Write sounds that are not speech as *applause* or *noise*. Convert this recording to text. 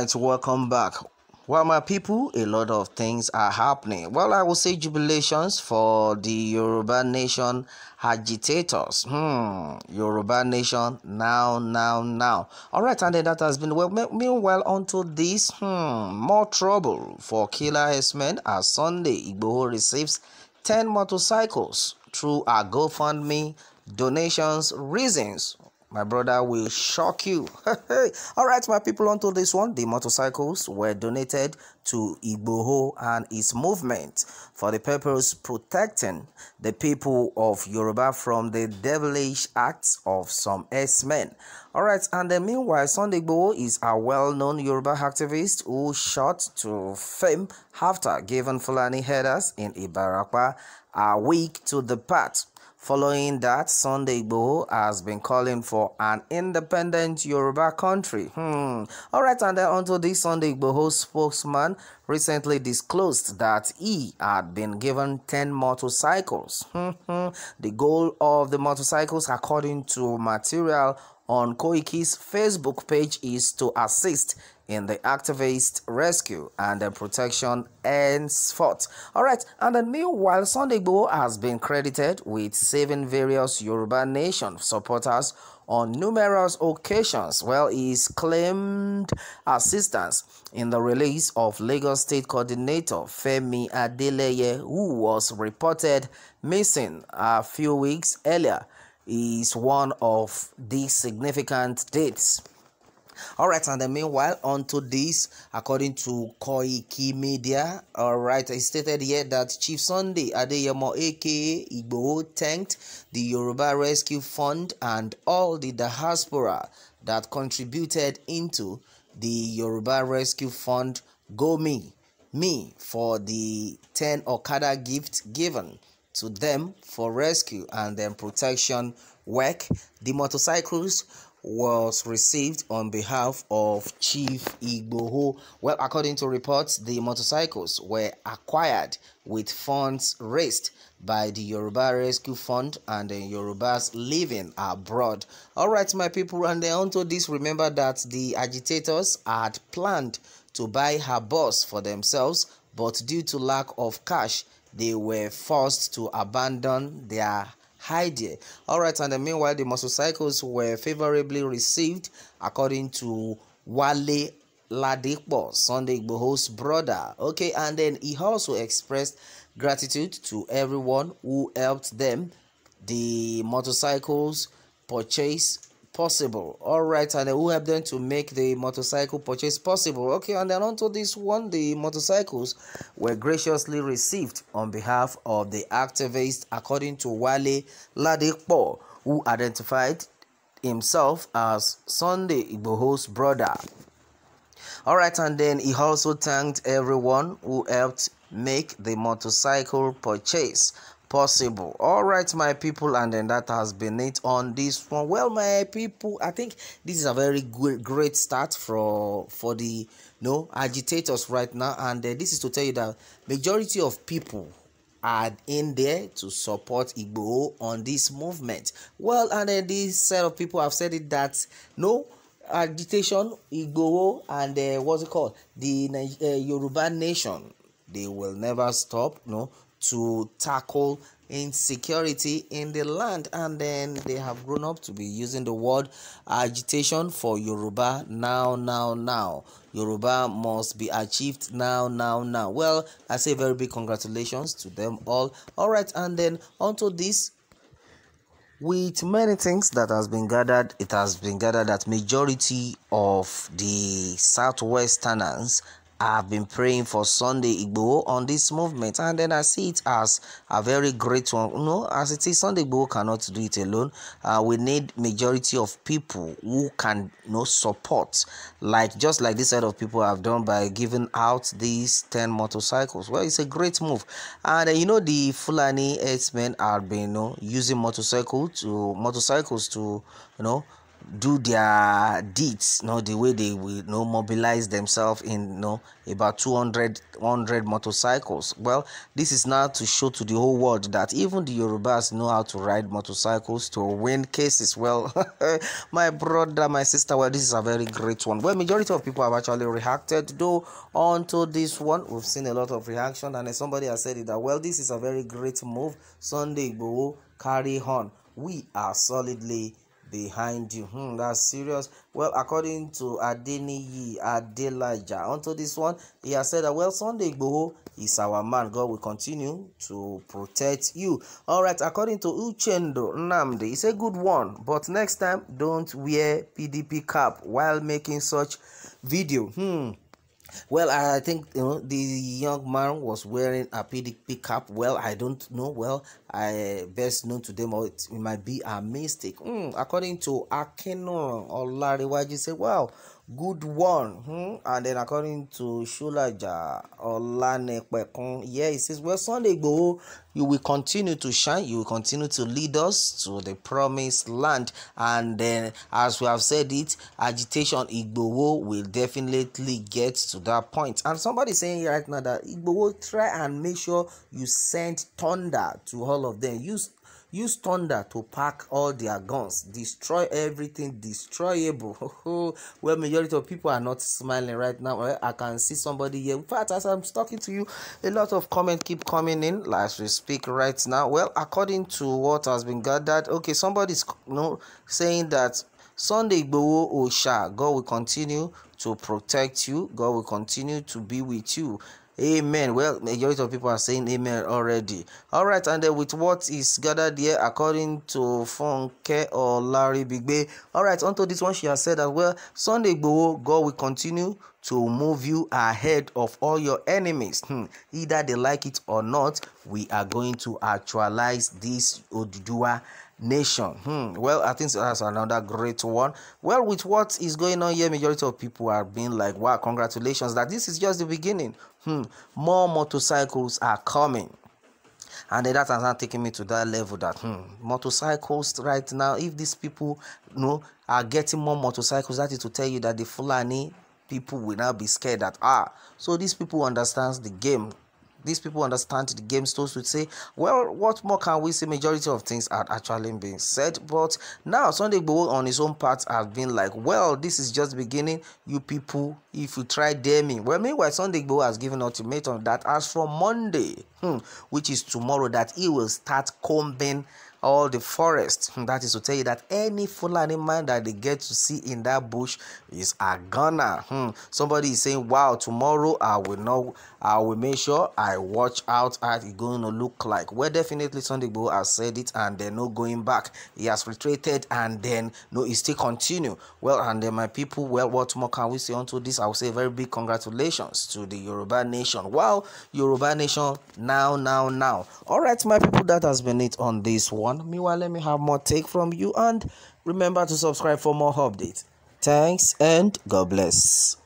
right welcome back well my people a lot of things are happening well i will say jubilations for the yoruba nation agitators hmm yoruba nation now now now all right and then that has been well meanwhile onto this hmm more trouble for killer s-men as sunday igboho receives 10 motorcycles through our gofundme donations reasons my brother will shock you. *laughs* All right, my people, onto this one. The motorcycles were donated to Igboho and its movement for the purpose protecting the people of Yoruba from the devilish acts of some S-men. All right, and then meanwhile, Sunday Igboho is a well-known Yoruba activist who shot to fame after giving Fulani headers in Ibarapa a week to the part following that Sunday Bo has been calling for an independent Yoruba country. Hmm. All right, and then onto this Sunday Igboho spokesman recently disclosed that he had been given 10 motorcycles. Hmm, hmm. the goal of the motorcycles, according to material on Koiki's Facebook page, is to assist in the activist rescue and the protection henceforth. All right, and then meanwhile, Sunday Bo has been credited with saving various Yoruba nation supporters on numerous occasions while he's claimed assistance in the release of Lagos State Coordinator Femi Adeleye, who was reported missing a few weeks earlier, is one of the significant dates all right and then meanwhile on to this according to koiki media all right it stated here that chief sunday adeyemo aka igboho thanked the yoruba rescue fund and all the diaspora that contributed into the yoruba rescue fund go me me for the 10 okada gift given to them for rescue and then protection work the motorcycles was received on behalf of Chief Igboho. Well, according to reports, the motorcycles were acquired with funds raised by the Yoruba Rescue Fund and the Yorubas living abroad. All right, my people, and then onto this, remember that the agitators had planned to buy her bus for themselves, but due to lack of cash, they were forced to abandon their there. All right, and then meanwhile, the motorcycles were favorably received, according to Wale Ladipo, Sunday Igboho's brother. Okay, and then he also expressed gratitude to everyone who helped them. The motorcycles purchase possible. All right, and who helped them to make the motorcycle purchase possible. Okay, and then onto this one, the motorcycles were graciously received on behalf of the activists, according to Wale Ladipo, who identified himself as Sunday Igboho's brother. All right, and then he also thanked everyone who helped make the motorcycle purchase possible all right my people and then that has been it on this one well my people i think this is a very good great start for for the you know agitators right now and uh, this is to tell you that majority of people are in there to support Igbo on this movement. Well, and then this set of people have said it that no agitation, Igbo, and uh, what's it called? The uh, Yoruba nation, they will never stop, no, to tackle insecurity in the land and then they have grown up to be using the word agitation for Yoruba now now now Yoruba must be achieved now now now well I say very big congratulations to them all all right and then onto this with many things that has been gathered it has been gathered that majority of the southwesterners I've been praying for Sunday Igbo on this movement, and then I see it as a very great one. You no, know, as it is, Sunday Igbo cannot do it alone. Uh, we need majority of people who can you know, support, like just like this set of people have done by giving out these 10 motorcycles. Well, it's a great move. And uh, you know, the Fulani X-Men have been you know, using motorcycle to motorcycles to you know do their deeds you know the way they will you know mobilize themselves in you know about 200 100 motorcycles well this is now to show to the whole world that even the yorubas know how to ride motorcycles to win cases well *laughs* my brother my sister well this is a very great one well majority of people have actually reacted though onto this one we've seen a lot of reaction and somebody has said it that well this is a very great move sunday Igbo, carry on we are solidly behind you. Hmm, that's serious. Well, according to Adeniyi Adelaja, onto this one, he has said that, well, Sunday Igboho is our man. God will continue to protect you. All right, according to Uchendo Namde, it's a good one, but next time, don't wear PDP cap while making such video. Hmm. Well, I think you know the young man was wearing a PDP cap. Well, I don't know. Well, I eh, best known to them or it might be a mistake. Mm, according to Akenon Olariwaji say, wow, good one. Hmm? And then according to Shulaja Olanepekun, yeah, he says, well, Sunday Igboho, you will continue to shine, you will continue to lead us to the promised land. And then, as we have said it, agitation Igboho will definitely get to that point. And somebody saying right now that Igboho, try and make sure you send thunder to all all of them. Use use thunder to pack all their guns destroy everything destroyable *laughs* well majority of people are not smiling right now well, i can see somebody here in fact as i'm talking to you a lot of comments keep coming in as we speak right now well according to what has been gathered okay somebody's you know, saying that Sunday Igboho Osha, God will continue to protect you. God will continue to be with you. Amen. Well, majority of people are saying amen already. All right, and then with what is gathered here, according to Funke or Larry Bigbe. All right, onto this one, she has said as well, Sunday God will continue to move you ahead of all your enemies. Hmm. Either they like it or not, we are going to actualize this Odudua nation. Hmm. Well, I think that's another great one. Well, with what is going on here, majority of people are being like, wow, congratulations that this is just the beginning. Hmm. More motorcycles are coming. And that has not taken me to that level that hmm, motorcycles right now, if these people you know are getting more motorcycles, that is to tell you that the Fulani people will now be scared that ah so these people understands the game these people understand the game stores would say well what more can we say majority of things are actually being said but now sunday Igboho on his own part has been like well this is just beginning you people if you try dare me well meanwhile sunday Igboho has given ultimatum that as for monday hmm, which is tomorrow that he will start combing all the forest. *laughs* That is to tell you that any full man that they get to see in that bush is a gunner. Hmm. Somebody is saying, wow, tomorrow I will know, I will make sure I watch out at it's going to look like. Well, definitely Sunday Bo has said it and they're not going back. He has retreated and then no, he still continue. Well, and then my people, well, what more can we say onto this? I will say very big congratulations to the Yoruba nation. Wow, Yoruba nation, now, now, now. All right, my people, that has been it on this one one. Meanwhile, let me have more take from you and remember to subscribe for more updates. Thanks and God bless.